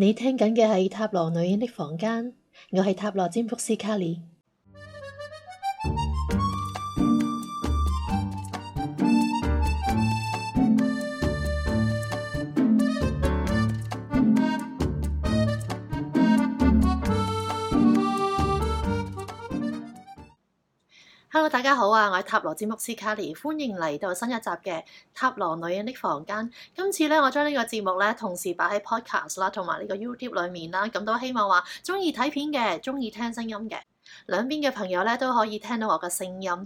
你聽緊嘅係《塔羅女人的房間》，我係塔羅占卜師卡莉。Hello 大家好啊！我係塔羅占卜師卡尼，歡迎嚟到新一集嘅塔羅女人的房間。今次咧，我將呢個節目咧同時擺喺 podcast 啦，同埋呢個 YouTube 裏面啦。咁都希望話中意睇片嘅，中意聽聲音嘅兩邊嘅朋友咧都可以聽到我嘅聲音。咁、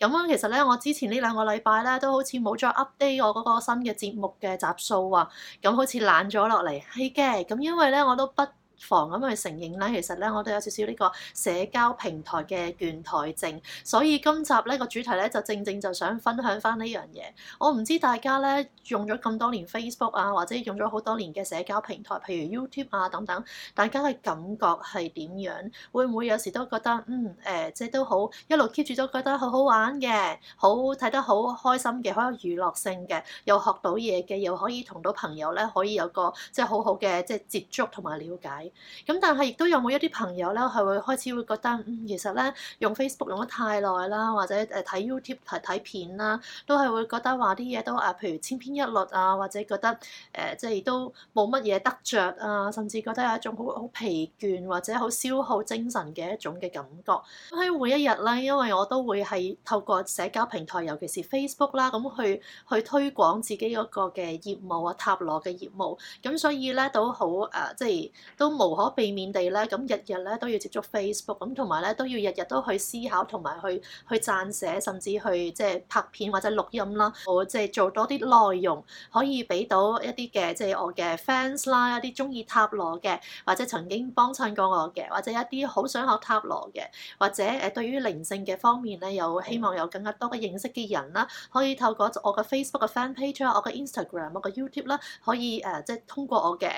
嗯、樣其實咧，我之前兩呢兩個禮拜咧都好似冇再 update 我嗰個新嘅節目嘅集數啊。咁、嗯、好似懶咗落嚟，係嘅。咁因為咧，我都不。防咁去承認咧，其實咧我都有少少呢個社交平台嘅倦怠症，所以今集呢個主題咧就正正就想分享返呢樣嘢。我唔知大家咧用咗咁多年 Facebook 啊，或者用咗好多年嘅社交平台，譬如 YouTube 啊等等，大家嘅感覺係點樣？會唔會有時都覺得嗯誒、呃，即係都好一路 keep 住都覺得好好玩嘅，好睇得好開心嘅，好有娛樂性嘅，又學到嘢嘅，又可以同到朋友咧可以有個即係好好嘅即係接觸同埋了解。咁但係亦都有冇一啲朋友咧，係會開始會覺得，嗯、其實咧用 Facebook 用得太耐啦，或者誒睇 YouTube 睇片啦，都係會覺得話啲嘢都啊，譬如千篇一律啊，或者覺得誒即係都冇乜嘢得着啊，甚至覺得有一種好好疲倦或者好消耗精神嘅一種嘅感覺。喺每一日咧，因為我都會係透過社交平台，尤其是 Facebook 啦，咁去去推廣自己嗰個嘅業務啊、塔羅嘅業務，咁所以咧都好誒、呃，即係都。無可避免地咧，咁日日咧都要接觸 Facebook，咁同埋咧都要日日都去思考，同埋去去撰寫，甚至去即係拍片或者錄音啦，我即係做多啲內容，可以俾到一啲嘅即係我嘅 fans 啦，一啲中意塔羅嘅，或者曾經幫襯過我嘅，或者一啲好想學塔羅嘅，或者誒對於靈性嘅方面咧，有希望有更加多嘅認識嘅人啦，可以透過我嘅 Facebook 嘅 Fan Page 啊，我嘅 Instagram，我嘅 YouTube 啦，可以誒即係通過我嘅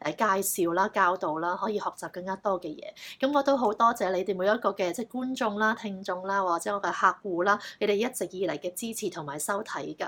誒介紹啦，教導，到啦，可以學習更加多嘅嘢。咁我都好多謝你哋每一個嘅即係觀眾啦、聽眾啦，或者我嘅客戶啦，你哋一直以嚟嘅支持同埋收睇嘅。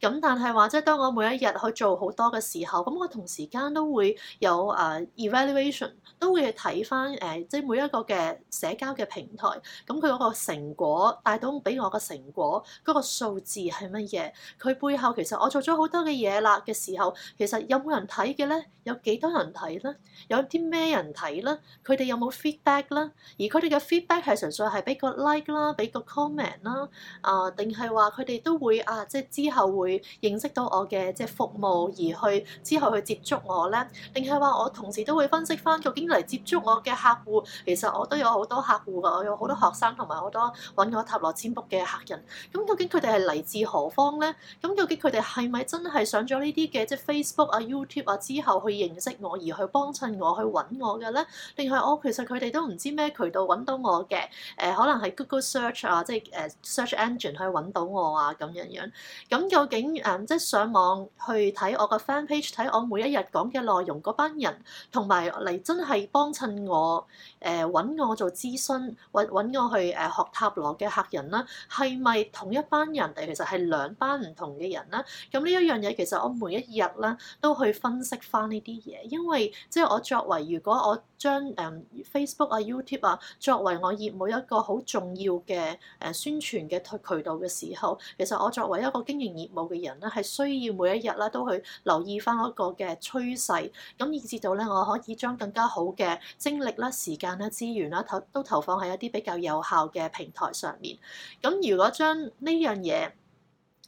咁但係話即係當我每一日去做好多嘅時候，咁我同時間都會有誒、uh, evaluation，都會去睇翻誒即係每一個嘅社交嘅平台，咁佢嗰個成果帶到俾我嘅成果嗰個數字係乜嘢？佢背後其實我做咗好多嘅嘢啦嘅時候，其實有冇人睇嘅咧？有幾多人睇咧？有啲。咩人睇啦？佢哋有冇 feedback 啦？而佢哋嘅 feedback 係純粹係俾個 like 啦，俾個 comment 啦，呃，啊，定係話佢哋都會啊，即係之後會認識到我嘅即係服務而去之後去接觸我咧？定係話我同時都會分析翻究竟嚟接觸我嘅客戶，其實我都有好多客戶噶，我有好多學生同埋好多揾我塔羅占卜嘅客人。咁究竟佢哋係嚟自何方咧？咁究竟佢哋係咪真係上咗呢啲嘅即係 Facebook 啊、YouTube 啊之後去認識我，而去幫襯我去？揾我嘅咧，定係我其實佢哋都唔知咩渠道揾到我嘅，誒、呃、可能係 Google Search 啊，即係誒、uh, Search Engine 可以揾到我啊咁樣樣，咁、嗯、究竟誒、嗯、即係上網去睇我個 Fan Page，睇我每一日講嘅內容嗰班人，同埋嚟真係幫襯我誒揾、呃、我做諮詢或揾我去誒學塔羅嘅客人啦，係咪同一班人定其實係兩班唔同嘅人咧？咁呢一樣嘢其實我每一日咧都去分析翻呢啲嘢，因為即係我作為。如果我將誒 Facebook 啊、YouTube 啊作為我業務一個好重要嘅誒宣傳嘅渠道嘅時候，其實我作為一個經營業務嘅人咧，係需要每一日咧都去留意返一個嘅趨勢，咁以至到咧我可以將更加好嘅精力啦、時間啦、資源啦投都投放喺一啲比較有效嘅平台上面。咁如果將呢樣嘢，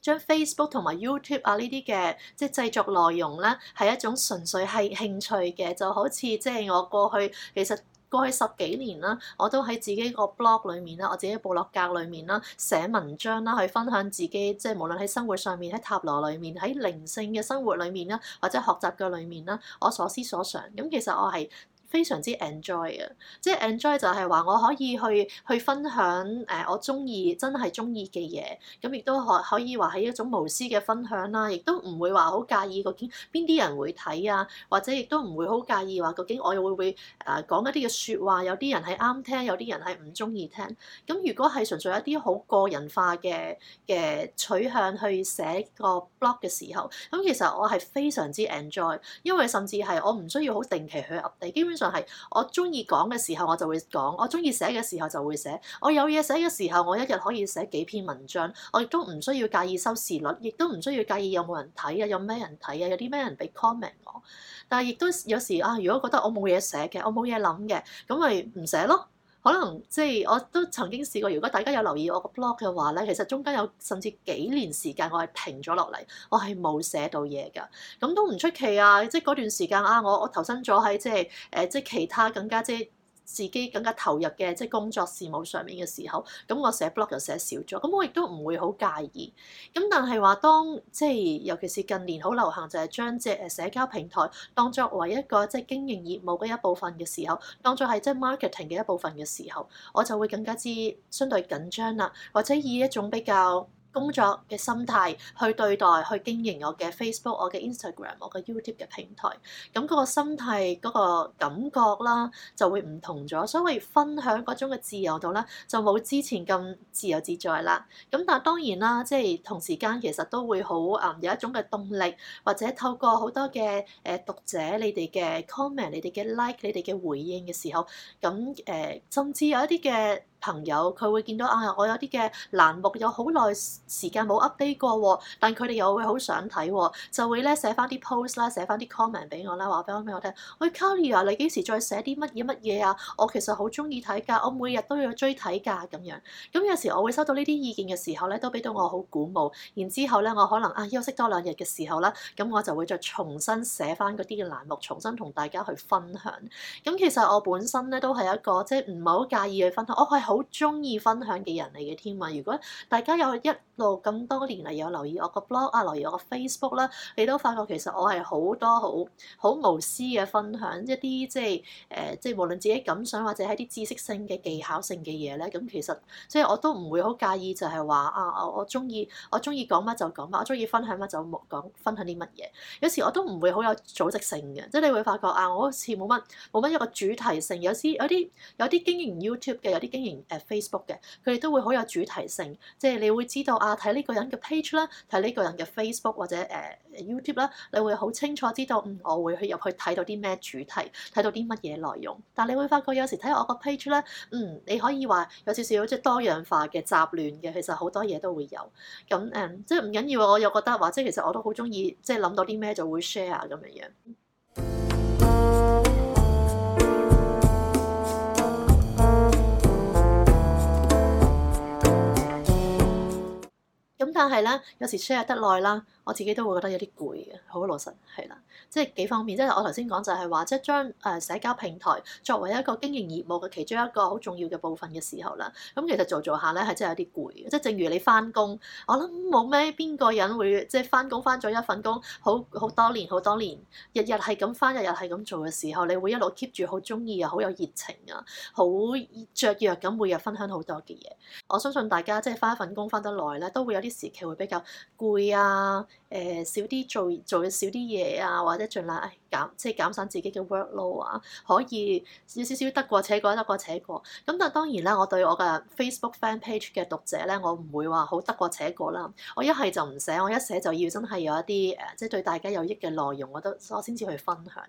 將 Facebook 同埋 YouTube 啊呢啲嘅即係製作內容咧，係一種純粹係興趣嘅，就好似即係我過去其實過去十幾年啦，我都喺自己個 blog 裏面啦，我自己嘅部落格裏面啦寫文章啦，去分享自己即係、就是、無論喺生活上面、喺塔羅裏面、喺靈性嘅生活裏面啦，或者學習嘅裏面啦，我所思所想咁，其實我係非常之 enjoy 啊，即係 enjoy 就係話我可以去去分享誒我中意真係中意嘅嘢，咁亦都可可以話係一種無私嘅分享啦，亦都唔會話好介意究竟邊啲人會睇啊，或者亦都唔會好介意話究竟我又會唔會誒講一啲嘅說話，有啲人係啱聽，有啲人係唔中意聽，咁如果係純粹一啲好個人化嘅嘅取向去寫個 blog 嘅時候，咁其實我係非常之 enjoy，因為甚至係我唔需要好定期去 update，基本上。就係我中意講嘅時候，我就會講；我中意寫嘅時候就會寫。我有嘢寫嘅時候，我一日可以寫幾篇文章。我亦都唔需要介意收視率，亦都唔需要介意有冇人睇啊，有咩人睇啊，有啲咩人俾 comment 我。但係亦都有時啊，如果覺得我冇嘢寫嘅，我冇嘢諗嘅，咁咪唔寫咯。可能即係我都曾經試過，如果大家有留意我個 blog 嘅話咧，其實中間有甚至幾年時間我係停咗落嚟，我係冇寫到嘢㗎，咁都唔出奇啊。即係嗰段時間啊，我我投身咗喺即係誒即係其他更加即係。自己更加投入嘅即係工作事務上面嘅時候，咁我寫 blog 就寫少咗，咁我亦都唔會好介意。咁但係話當即係尤其是近年好流行就係將即誒社交平台當作為一個即係經營業務嘅一部分嘅時候，當作係即係 marketing 嘅一部分嘅時候，我就會更加之相對緊張啦，或者以一種比較。工作嘅心態去對待去經營我嘅 Facebook、我嘅 Instagram、我嘅 YouTube 嘅平台，咁個心態嗰個感覺啦，就會唔同咗。所以分享嗰種嘅自由度啦，就冇之前咁自由自在啦。咁但係當然啦，即係同時間其實都會好啊，有一種嘅動力，或者透過好多嘅誒讀者你哋嘅 comment、你哋嘅 like、你哋嘅回應嘅時候，咁誒甚至有一啲嘅。朋友佢會見到啊，我有啲嘅欄目有好耐時間冇 update 過，哦，但佢哋又會好想睇，哦，就會咧寫翻啲 post 啦，寫翻啲 comment 俾我啦，話俾我聽。喂，Carrie 啊，你幾時再寫啲乜嘢乜嘢啊？我其實好中意睇㗎，我每日都要追睇㗎咁樣。咁有時我會收到呢啲意見嘅時候咧，都俾到我好鼓舞。然之後咧，我可能啊休息多兩日嘅時候啦，咁我就會再重新寫翻嗰啲嘅欄目，重新同大家去分享。咁其實我本身咧都係一個即係唔係好介意去分享，我好中意分享嘅人嚟嘅添啊！如果大家有一路咁多年嚟有留意我個 blog 啊，留意我個 Facebook 啦、啊，你都發覺其實我係好多好好無私嘅分享，一啲即係誒、呃、即係無論自己感想或者係啲知識性嘅技巧性嘅嘢咧，咁、啊、其實即係我都唔會好介意就係話啊，我我中意我中意講乜就講乜，我中意分享乜就講分享啲乜嘢。有時我都唔會好有組織性嘅，即係你會發覺啊，我好似冇乜冇乜一個主題性，有啲有啲有啲經營 YouTube 嘅，有啲經營，誒 Facebook 嘅佢哋都會好有主題性，即係你會知道啊，睇呢個人嘅 page 啦，睇呢個人嘅 Facebook 或者誒、uh、YouTube 啦，你會好清楚知道嗯，我會去入去睇到啲咩主題，睇到啲乜嘢內容。但係你會發覺有時睇我個 page 咧，嗯，你可以話有少少即係多樣化嘅雜亂嘅，其實好多嘢都會有咁誒、嗯，即係唔緊要，我又覺得話，即係其實我都好中意即係諗到啲咩就會 share 咁樣樣。但係咧，有時 share 得耐啦。我自己都會覺得有啲攰嘅，好老實係啦，即係幾方面，即係我頭先講就係話，即係將誒社交平台作為一個經營業務嘅其中一個好重要嘅部分嘅時候啦，咁其實做做下咧係真係有啲攰嘅，即係正如你翻工，我諗冇咩邊個人會即係翻工翻咗一份工，好好多年好多年，日日係咁翻，日日係咁做嘅時候，你會一路 keep 住好中意啊，好有熱情啊，好雀躍咁每日分享好多嘅嘢。我相信大家即係翻一份工翻得耐咧，都會有啲時期會比較攰啊。誒、呃、少啲做做少啲嘢啊，或者盡量誒減，即係減省自己嘅 workload 啊，可以有少，少少得過且過，得過且過。咁但係當然啦，我對我嘅 Facebook fan page 嘅讀者咧，我唔會話好得過且過啦。我一係就唔寫，我一寫就要真係有一啲誒，即係對大家有益嘅內容，我都我先至去分享。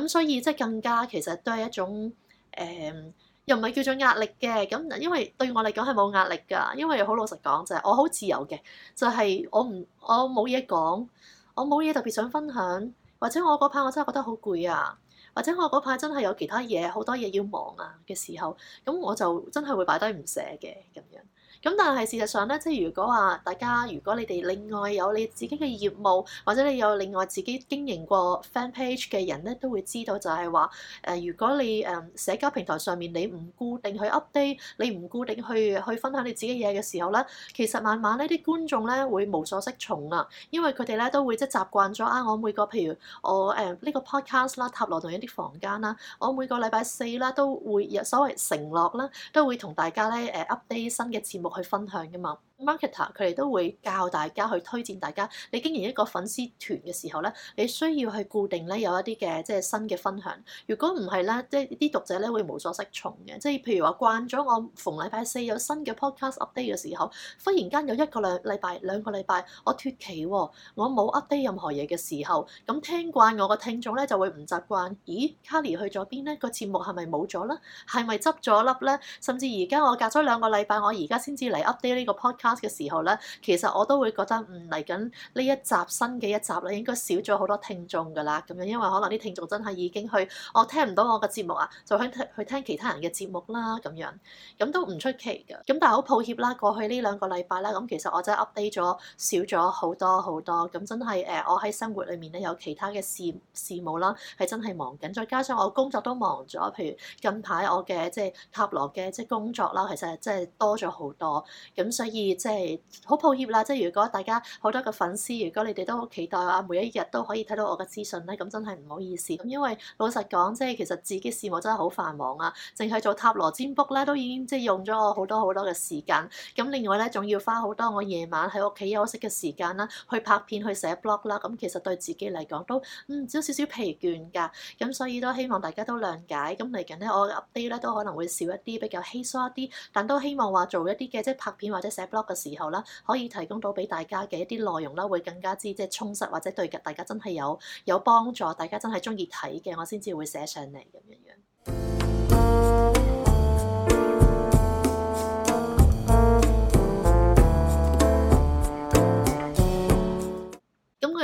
咁所以即係更加其實都係一種誒。呃又唔係叫做壓力嘅，咁因為對我嚟講係冇壓力㗎，因為好老實講就係我好自由嘅，就係我唔我冇嘢講，我冇嘢特別想分享，或者我嗰排我真係覺得好攰啊，或者我嗰排真係有其他嘢好多嘢要忙啊嘅時候，咁我就真係會擺低唔寫嘅咁樣。咁但係事實上咧，即係如果話大家，如果你哋另外有你自己嘅業務，或者你有另外自己經營過 fan page 嘅人咧，都會知道就係話誒如果你誒、呃、社交平台上面你唔固定去 update，你唔固定去去分享你自己嘢嘅時候咧，其實慢慢呢啲觀眾咧會無所適從啊，因為佢哋咧都會即係習慣咗啊，我每個譬如我誒呢、呃這個 podcast 啦，塔羅同一啲房間啦，我每個禮拜四啦都會有所謂承諾啦，都會同大家咧誒、呃、update 新嘅節目。去分享嘅嘛。marketer 佢哋都會教大家去推薦大家，你經營一個粉絲團嘅時候咧，你需要去固定咧有一啲嘅即係新嘅分享。如果唔係咧，即係啲讀者咧會無所適從嘅。即係譬如話慣咗我逢禮拜四有新嘅 podcast update 嘅時候，忽然間有一個兩禮拜兩個禮拜我脫期喎、哦，我冇 update 任何嘢嘅時候，咁聽慣我個聽眾咧就會唔習慣。咦，Carrie 去咗邊咧？這個節目係咪冇咗啦？係咪執咗粒咧？甚至而家我隔咗兩個禮拜，我而家先至嚟 update 呢個 podcast。嘅時候咧，其實我都會覺得，唔嚟緊呢一集新嘅一集咧，應該少咗好多聽眾噶啦，咁樣因為可能啲聽眾真係已經去，我聽唔到我嘅節目啊，就去聽去聽其他人嘅節目啦，咁樣咁都唔出奇嘅。咁但係好抱歉啦，過去呢兩個禮拜啦，咁其實我真係 update 咗少咗好多好多，咁真係誒，我喺生活裏面咧有其他嘅事事務啦，係真係忙緊，再加上我工作都忙咗，譬如近排我嘅即係塔羅嘅即係工作啦，其實真係多咗好多，咁所以。即係好抱歉啦！即係如果大家好多嘅粉絲，如果你哋都好期待啊，每一日都可以睇到我嘅資訊咧，咁真係唔好意思。咁因為老實講，即係其實自己事務真係好繁忙啊，淨係做塔羅占卜咧，都已經即係用咗我好多好多嘅時間。咁另外咧，仲要花好多我夜晚喺屋企休息嘅時間啦，去拍片、去寫 blog 啦。咁其實對自己嚟講都嗯少少少疲倦㗎。咁所以都希望大家都諒解。咁嚟緊咧，我 update 咧都可能會少一啲，比較稀疏一啲，但都希望話做一啲嘅即係拍片或者寫 blog。嘅時候啦，可以提供到俾大家嘅一啲內容啦，會更加之即係充實，或者對大家真係有有幫助，大家真係鍾意睇嘅，我先至會寫上嚟咁樣樣。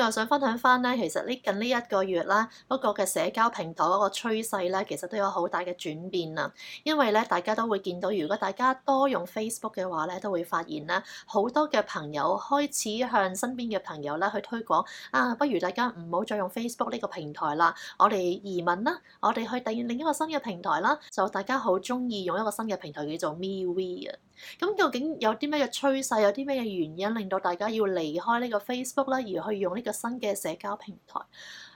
又想分享翻咧，其實呢近呢一個月啦，不過嘅社交平台個趨勢咧，其實都有好大嘅轉變啊！因為咧，大家都會見到，如果大家多用 Facebook 嘅話咧，都會發現咧，好多嘅朋友開始向身邊嘅朋友咧去推廣啊，不如大家唔好再用 Facebook 呢個平台啦，我哋移民啦，我哋去第另一個新嘅平台啦，就大家好中意用一個新嘅平台叫做 MeWe 啊！咁究竟有啲咩嘅趨勢，有啲咩嘅原因令到大家要離開個呢個 Facebook 啦，而去用呢、這個。新嘅社交平台，誒、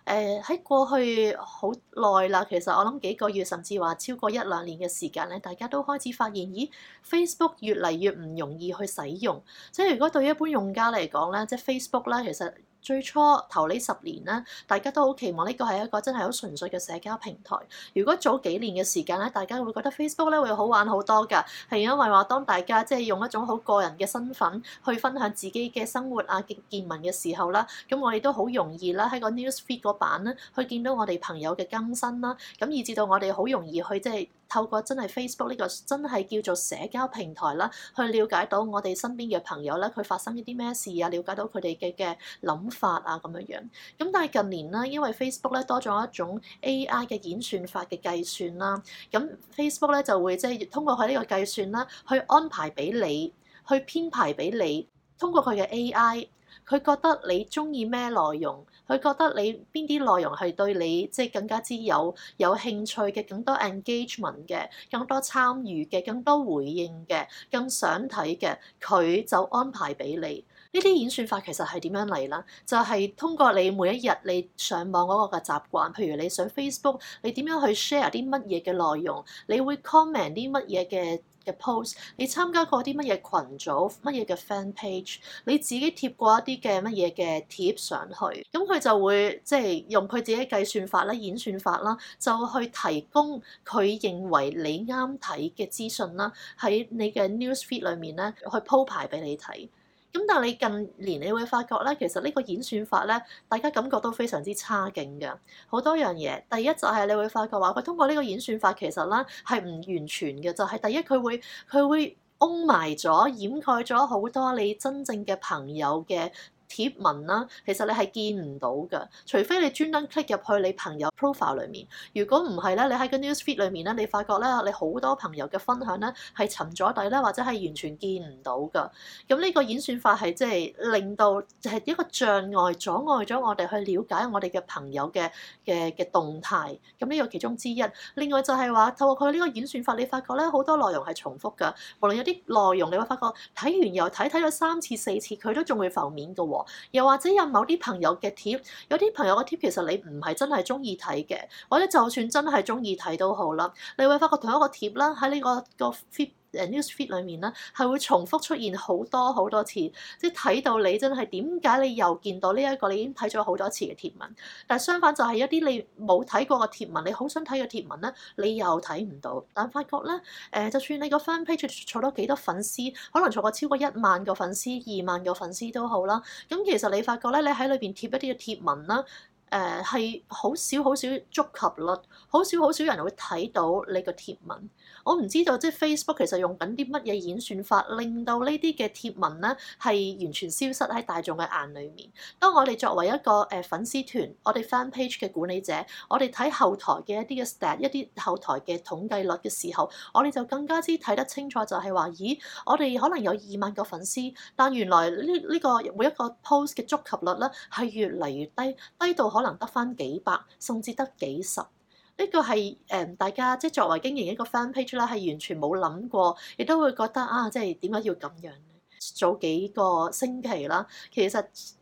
呃、喺過去好耐啦。其實我諗幾個月，甚至話超過一兩年嘅時間咧，大家都開始發現，咦，Facebook 越嚟越唔容易去使用。即係如果對一般用家嚟講咧，即係 Facebook 咧，其實。最初頭呢十年咧，大家都好期望呢個係一個真係好純粹嘅社交平台。如果早幾年嘅時間咧，大家會覺得 Facebook 咧會好玩好多㗎，係因為話當大家即係用一種好個人嘅身份去分享自己嘅生活啊嘅見聞嘅時候啦，咁我哋都好容易啦喺個 newsfeed 嗰版啦，去見到我哋朋友嘅更新啦，咁以至到我哋好容易去即係。就是透過真係 Facebook 呢個真係叫做社交平台啦，去了解到我哋身邊嘅朋友咧，佢發生一啲咩事啊，了解到佢哋嘅嘅諗法啊咁樣樣。咁但係近年啦，因為 Facebook 咧多咗一種 AI 嘅演算法嘅計算啦，咁 Facebook 咧就會即係通過佢呢個計算啦，去安排俾你，去編排俾你。通過佢嘅 AI，佢覺得你中意咩內容？佢覺得你邊啲內容係對你即係、就是、更加之有有興趣嘅，更多 engagement 嘅，更多參與嘅，更多回應嘅，更想睇嘅，佢就安排俾你。呢啲演算法其實係點樣嚟啦？就係、是、通過你每一日你上網嗰個嘅習慣，譬如你上 Facebook，你點樣去 share 啲乜嘢嘅內容，你會 comment 啲乜嘢嘅嘅 post，你參加過啲乜嘢群組，乜嘢嘅 fan page，你自己貼過一啲嘅乜嘢嘅貼上去，咁佢就會即係、就是、用佢自己計算法啦、演算法啦，就去提供佢認為你啱睇嘅資訊啦，喺你嘅 news feed 裏面咧去鋪排俾你睇。咁但係你近年，你會發覺咧，其實呢個演算法咧，大家感覺都非常之差勁嘅，好多樣嘢。第一就係你會發覺話，佢通過呢個演算法，其實咧係唔完全嘅，就係、是、第一佢會佢會擁埋咗，掩蓋咗好多你真正嘅朋友嘅。貼文啦，其實你係見唔到㗎，除非你專登 click 入去你朋友 profile 裏面。如果唔係咧，你喺個 news feed 裏面咧，你發覺咧你好多朋友嘅分享咧係沉咗底咧，或者係完全見唔到㗎。咁呢個演算法係即係令到就係一個障礙，阻礙咗我哋去了解我哋嘅朋友嘅嘅嘅動態。咁呢個其中之一。另外就係話透過佢呢個演算法，你發覺咧好多內容係重複㗎，無論有啲內容你會發覺睇完又睇，睇咗三次四次，佢都仲會浮面嘅喎。又或者有某啲朋友嘅貼，有啲朋友嘅貼其實你唔係真係鍾意睇嘅，或者就算真係鍾意睇都好啦，你會發覺同一個貼啦，喺呢個個 fit news feed 裏面咧，係會重複出現好多好多次，即係睇到你真係點解你又見到呢一個你已經睇咗好多次嘅貼文，但係相反就係一啲你冇睇過嘅貼文，你好想睇嘅貼文咧，你又睇唔到。但發覺咧，誒，就算你個 fan page 做咗幾多粉絲，可能做過超過一萬個粉絲、二萬個粉絲都好啦，咁其實你發覺咧，你喺裏邊貼一啲嘅貼文啦。誒係好少好少觸及率，好少好少人會睇到你個貼文。我唔知道即係、就是、Facebook 其實用緊啲乜嘢演算法，令到呢啲嘅貼文咧係完全消失喺大眾嘅眼裏面。當我哋作為一個誒粉絲團，我哋 Fan Page 嘅管理者，我哋睇後台嘅一啲嘅 stat，一啲後台嘅統計率嘅時候，我哋就更加之睇得清楚，就係、是、話咦，我哋可能有二萬個粉絲，但原來呢呢個每一個 post 嘅觸及率咧係越嚟越低，低到～可能得翻幾百，甚至得幾十，呢、這個係誒、呃、大家即係作為經營一個 fan page 啦，係完全冇諗過，亦都會覺得啊，即係點解要咁樣咧？早幾個星期啦，其實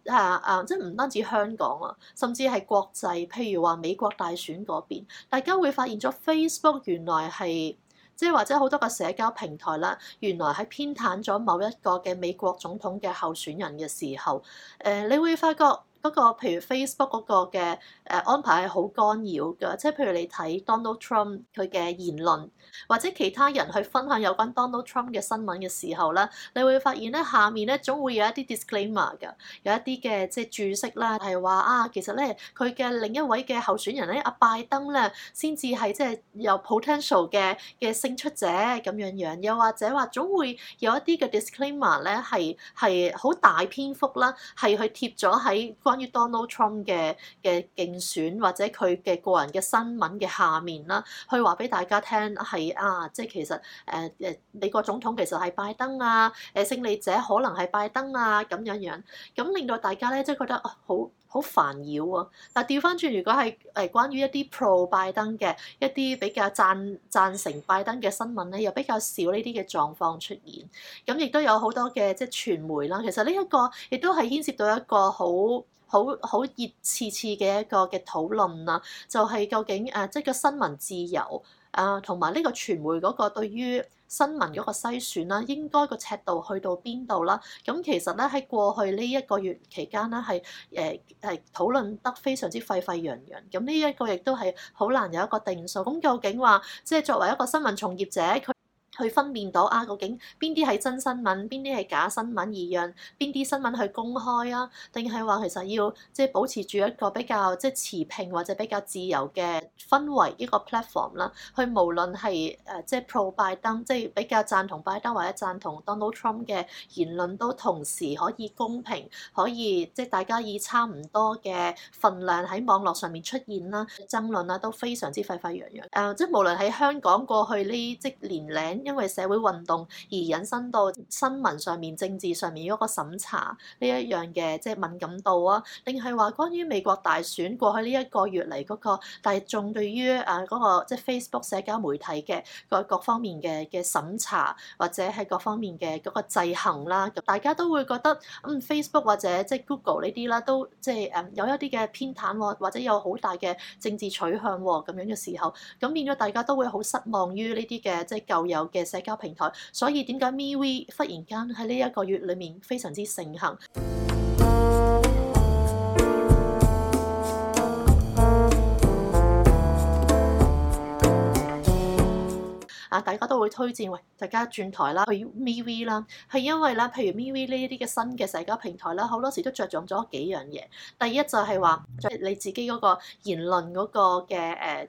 啊啊，即係唔單止香港啊，甚至係國際，譬如話美國大選嗰邊，大家會發現咗 Facebook 原來係即係或者好多個社交平台啦，原來係偏袒咗某一個嘅美國總統嘅候選人嘅時候，誒、呃，你會發覺。嗰、那個譬如 Facebook 嗰個嘅誒安排係好干擾㗎，即係譬如你睇 Donald Trump 佢嘅言論，或者其他人去分享有關 Donald Trump 嘅新聞嘅時候咧，你會發現咧下面咧總會有一啲 disclaimer 㗎，有一啲嘅即係注釋啦，係話啊其實咧佢嘅另一位嘅候選人咧阿拜登咧先至係即係有 potential 嘅嘅勝出者咁樣樣，又或者話總會有一啲嘅 disclaimer 咧係係好大篇幅啦，係去貼咗喺。關於 Donald Trump 嘅嘅競選或者佢嘅個人嘅新聞嘅下面啦，去話俾大家聽係啊，即係其實誒誒美國總統其實係拜登啊，誒勝利者可能係拜登啊咁樣樣，咁令到大家咧即係覺得好好煩擾啊。但係掉返轉，如果係誒關於一啲 Pro 拜登嘅一啲比較贊贊成拜登嘅新聞咧，又比較少呢啲嘅狀況出現，咁亦都有好多嘅即係傳媒啦。其實呢一個亦都係牽涉到一個好。好好熱次次嘅一個嘅討論啦，就係、是、究竟誒，即、啊、係、就是、個新聞自由啊，同埋呢個傳媒嗰個對於新聞嗰個篩選啦，應該個尺度去到邊度啦？咁其實咧喺過去呢一個月期間咧，係誒係討論得非常之沸沸揚揚，咁呢一個亦都係好難有一個定數。咁究竟話，即、就、係、是、作為一個新聞從業者佢。去分辨到啊，究竟邊啲係真新聞，邊啲係假新聞而讓邊啲新聞去公開啊？定係話其實要即係、就是、保持住一個比較即係、就是、持平或者比較自由嘅氛圍一個 platform 啦。去無論係誒即係 pro 拜登，即、就、係、是、比較讚同拜登或者讚同 Donald Trump 嘅言論都同時可以公平，可以即係、就是、大家以差唔多嘅份量喺網絡上面出現啦、爭論啊都非常之沸沸揚揚誒即係無論喺香港過去呢即係年齡。因為社會運動而引申到新聞上面、政治上面嗰個審查呢一樣嘅即係敏感度啊，定係話關於美國大選過去呢一個月嚟嗰個大眾對於啊、那、嗰、個、即係、就是、Facebook 社交媒體嘅各各方面嘅嘅審查，或者係各方面嘅嗰個制衡啦，咁大家都會覺得咁、嗯、Facebook 或者即係 Google 呢啲啦，都即係誒有一啲嘅偏袒、哦、或者有好大嘅政治取向咁、哦、樣嘅時候，咁變咗大家都會好失望於呢啲嘅即係舊有。嘅社交平台，所以點解 MeWe 忽然間喺呢一個月裡面非常之盛行？啊， 大家都會推薦喂，大家轉台啦，去 MeWe 啦，係因為咧，譬如 MeWe 呢啲嘅新嘅社交平台啦，好多時都着重咗幾樣嘢。第一就係話，你自己嗰個言論嗰個嘅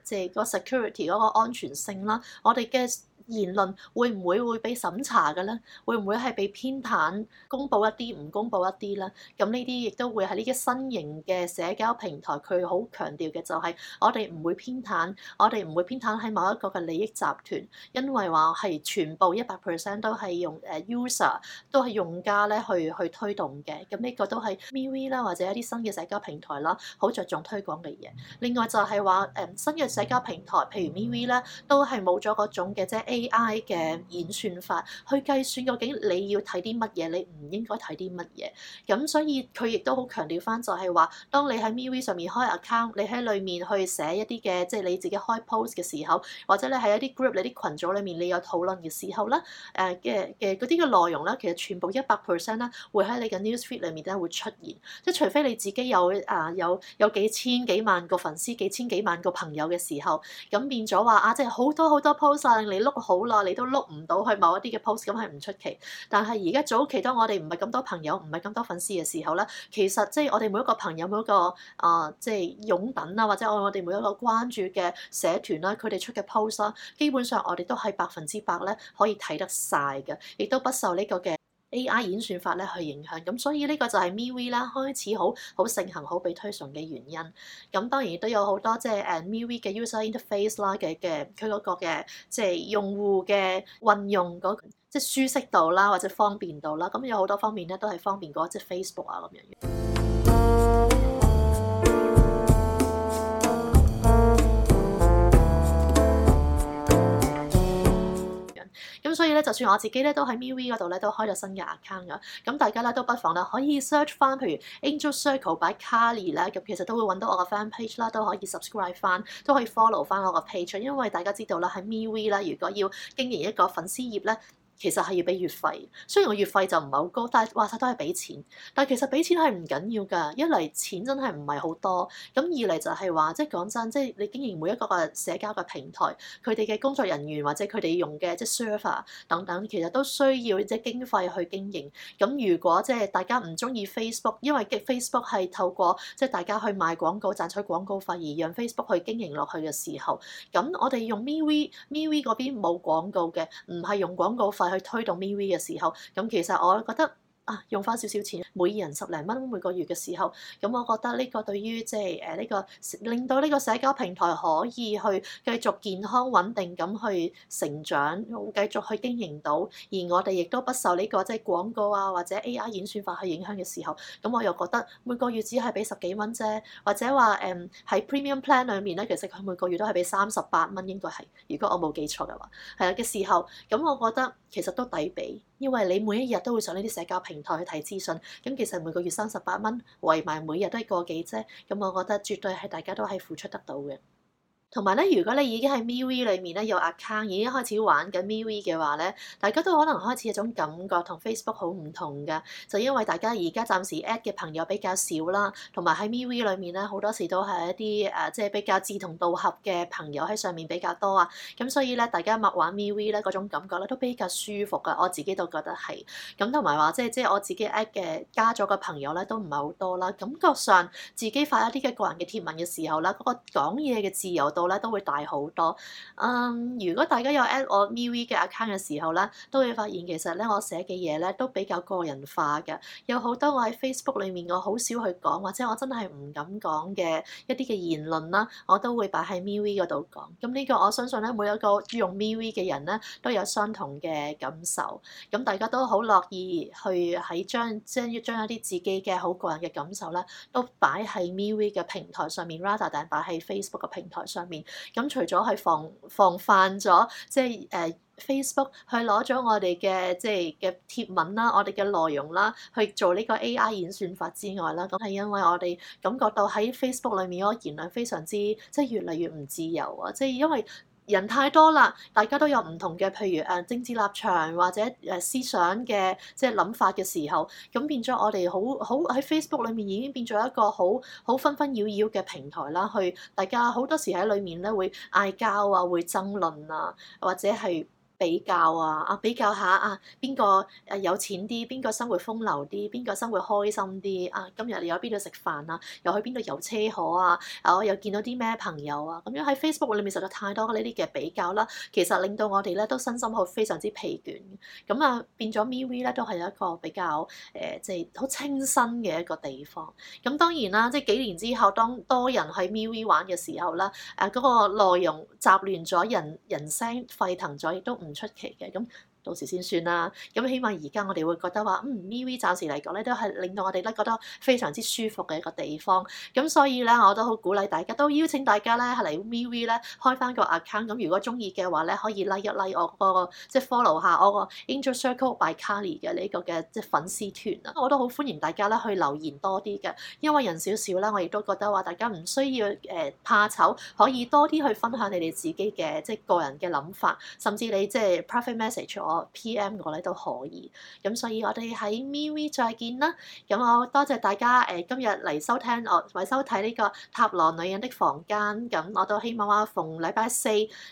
誒，即係個 security 嗰個安全性啦，我哋嘅。言論會唔會會被審查嘅咧？會唔會係被偏袒？公佈一啲唔公佈一啲咧？咁呢啲亦都會喺呢啲新型嘅社交平台，佢好強調嘅就係我哋唔會偏袒，我哋唔會偏袒喺某一個嘅利益集團，因為話係全部一百 percent 都係用誒 user 都係用家咧去去推動嘅。咁呢個都係 MeWe 啦，或者一啲新嘅社交平台啦，好着重推廣嘅嘢。另外就係話誒新嘅社交平台，譬如 MeWe 啦，都係冇咗嗰種嘅即係 A.I. 嘅演算法去計算究竟你要睇啲乜嘢，你唔應該睇啲乜嘢。咁所以佢亦都好強調翻，就係話當你喺 MeWe 上面開 account，你喺裏面去寫一啲嘅，即係你自己開 post 嘅時候，或者你喺一啲 group，你啲群組裏面你有討論嘅時候咧，誒嘅嘅啲嘅內容咧，其實全部一百 percent 啦，會喺你嘅 news feed 裏面咧會出現，即係除非你自己有啊有有幾千幾萬個粉絲幾千幾萬個朋友嘅時候，咁變咗話啊，即係好多好多 post 令啊你碌。好耐你都碌唔到去某一啲嘅 post，咁係唔出奇。但係而家早期當我哋唔係咁多朋友，唔係咁多粉絲嘅時候咧，其實即係我哋每一個朋友每一個啊，即係擁躉啊或者我我哋每一個關注嘅社團啦，佢哋出嘅 post 啦，基本上我哋都係百分之百咧可以睇得晒嘅，亦都不受呢個嘅。AI 演算法咧去影響，咁所以呢個就係 MiV 啦，開始好好盛行、好被推崇嘅原因。咁當然亦都有好多即係誒 MiV 嘅 user interface 啦嘅，佢嗰個嘅即係用戶嘅運用嗰、那個、即係舒適度啦，或者方便度啦，咁有好多方面咧都係方便過即係 Facebook 啊咁樣嘅。所以咧，就算我自己咧都喺 m i 嗰度咧都開咗新嘅 account 㗎。咁大家咧都不妨啦，可以 search 翻，譬如 Angel Circle by Carly 咧，咁其實都會揾到我個 fan page 啦，都可以 subscribe 翻，都可以 follow 翻我個 page。因為大家知道啦，喺 m i u 啦，如果要經營一個粉絲頁咧。其實係要俾月費，雖然我月費就唔係好高，但係話曬都係俾錢。但係其實俾錢係唔緊要㗎，一嚟錢真係唔係好多，咁二嚟就係話，即係講真，即係你經營每一個個社交嘅平台，佢哋嘅工作人員或者佢哋用嘅即係 server 等等，其實都需要即係經費去經營。咁如果即係大家唔中意 Facebook，因為 Facebook 係透過即係大家去賣廣告賺取廣告費，而讓 Facebook 去經營落去嘅時候，咁我哋用 MeWe MeWe 嗰邊冇廣告嘅，唔係用廣告費。去推動 MV 嘅時候，咁其實我覺得。啊，用返少少錢，每人十零蚊每個月嘅時候，咁我覺得呢個對於即係誒呢個令到呢個社交平台可以去繼續健康穩定咁去成長，繼續去經營到，而我哋亦都不受呢個即係廣告啊或者 AI 演算法去影響嘅時候，咁我又覺得每個月只係俾十幾蚊啫，或者話誒喺、嗯、Premium Plan 裏面咧，其實佢每個月都係俾三十八蚊，應該係，如果我冇記錯嘅話，係啦嘅時候，咁我覺得其實都抵俾。因為你每一日都會上呢啲社交平台去睇資訊，咁其實每個月三十八蚊，為埋每日都係個幾啫，咁我覺得絕對係大家都係付出得到嘅。同埋咧，如果你已經喺 MeWe 裏面咧有 account，已經開始玩緊 MeWe 嘅話咧，大家都可能開始有一種感覺同 Facebook 好唔同㗎，就因為大家而家暫時 at 嘅朋友比較少啦，同埋喺 MeWe 裏面咧好多時都係一啲誒、啊、即係比較志同道合嘅朋友喺上面比較多啊，咁所以咧大家咪玩 MeWe 咧嗰種感覺咧都比較舒服㗎，我自己都覺得係。咁同埋話即係即係我自己 at 嘅加咗嘅朋友咧都唔係好多啦，感覺上自己發一啲嘅個人嘅貼文嘅時候啦，嗰、那個講嘢嘅自由度咧都會大好多。嗯，如果大家有 at 我 MeWe 嘅 account 嘅時候咧，都會發現其實咧我寫嘅嘢咧都比較個人化嘅，有好多我喺 Facebook 裏面我好少去講，或者我真係唔敢講嘅一啲嘅言論啦，我都會擺喺 MeWe 度講。咁呢個我相信咧每一個用 MeWe 嘅人咧都有相同嘅感受。咁大家都好樂意去喺將將係將一啲自己嘅好個人嘅感受咧都擺喺 MeWe 嘅平台上面，rather than 擺喺 Facebook 嘅平台上面。咁除咗係防防範咗，即係誒 Facebook 去攞咗我哋嘅即係嘅貼文啦，我哋嘅內容啦，去做呢個 AI 演算法之外啦，咁係因為我哋感覺到喺 Facebook 裡面嗰個言論非常之即係越嚟越唔自由啊，即係因為。人太多啦，大家都有唔同嘅，譬如誒政治立場或者誒思想嘅即係諗法嘅時候，咁變咗我哋好好喺 Facebook 裏面已經變咗一個好好紛紛擾擾嘅平台啦，去大家好多時喺裏面呢會嗌交啊，會爭論啊，或者係。比較啊啊，比較下啊，邊個誒有錢啲，邊個生活風流啲，邊個生活開心啲啊？今日又去邊度食飯啊？又去邊度遊車河啊？啊，又見到啲咩朋友啊？咁、嗯、樣喺 Facebook 裏面實在太多呢啲嘅比較啦，其實令到我哋咧都身心好非常之疲倦咁啊、嗯，變咗 MeWe 咧都係一個比較誒，即係好清新嘅一個地方。咁、嗯、當然啦、啊，即、就、係、是、幾年之後，當多人去 MeWe 玩嘅時候啦，誒、啊、嗰、那個內容雜亂咗，人人聲沸騰咗，亦都。唔出奇嘅咁。 到時先算啦。咁起碼而家我哋會覺得話，嗯、Me、MeVee 暫時嚟講咧都係令到我哋咧覺得非常之舒服嘅一個地方。咁所以咧我都好鼓勵大家，都邀請大家咧嚟 MeVee 咧開翻個 account。咁如果中意嘅話咧，可以拉、like、一拉、like、我個即係、就是、follow 下我個 interest circle by Carly 嘅呢個嘅即係粉絲團啊。我都好歡迎大家咧去留言多啲嘅，因為人少少啦，我亦都覺得話大家唔需要誒怕醜，可以多啲去分享你哋自己嘅即係個人嘅諗法，甚至你即係、就是、private message 我。P.M. 我咧都可以，咁所以我哋喺咪 i v 再見啦。咁我多謝大家誒、呃、今日嚟收聽我，嚟收睇呢，這個塔羅女人的房間，咁我都希望啊，逢禮拜四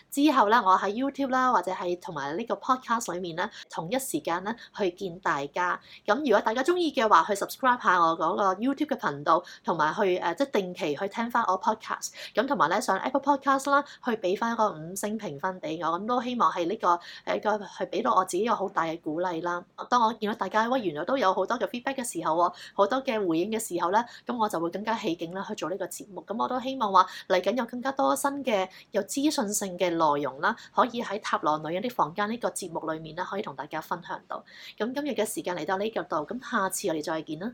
之後咧，我喺 YouTube 啦，或者係同埋呢個 Podcast 裏面咧，同一時間咧去見大家。咁如果大家中意嘅話，去 subscribe 下我嗰個 YouTube 嘅頻道，同埋去誒、呃、即係定期去聽翻我 Podcast。咁同埋咧上 Apple Podcast 啦，去俾翻一個五星評分俾我。咁都希望係呢，這個誒個去俾落。呃我自己有好大嘅鼓勵啦，當我見到大家喎，原來都有好多嘅 feedback 嘅時候，好多嘅回應嘅時候咧，咁我就會更加起勁啦去做呢個節目。咁我都希望話嚟緊有更加多新嘅有資訊性嘅內容啦，可以喺《塔羅女人啲房間》呢個節目裏面咧，可以同大家分享到。咁今日嘅時間嚟到呢個度，咁下次我哋再見啦。